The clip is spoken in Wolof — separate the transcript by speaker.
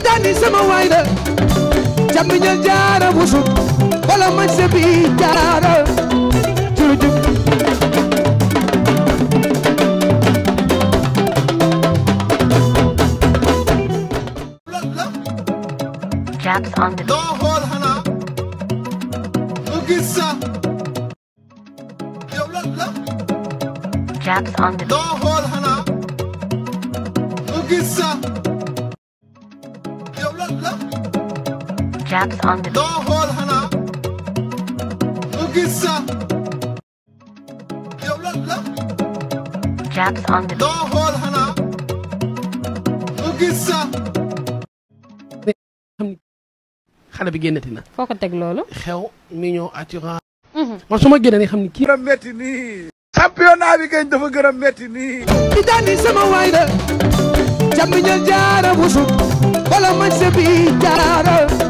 Speaker 1: tijani sama waay la jambi ñal jaara busu wala man se jaara jurujub
Speaker 2: la Jax on mu gis Japs on the doo xool xanaa mu gis sa
Speaker 1: xale bi génnati na
Speaker 2: foo ko teg loolu xew
Speaker 1: Mignon Assurance mhm. man su ma génne ni xam ni kii gën a metti nii championnat bi kañ dafa gën a metti nii sama waay la jàmm ñal jaara busub man sa bi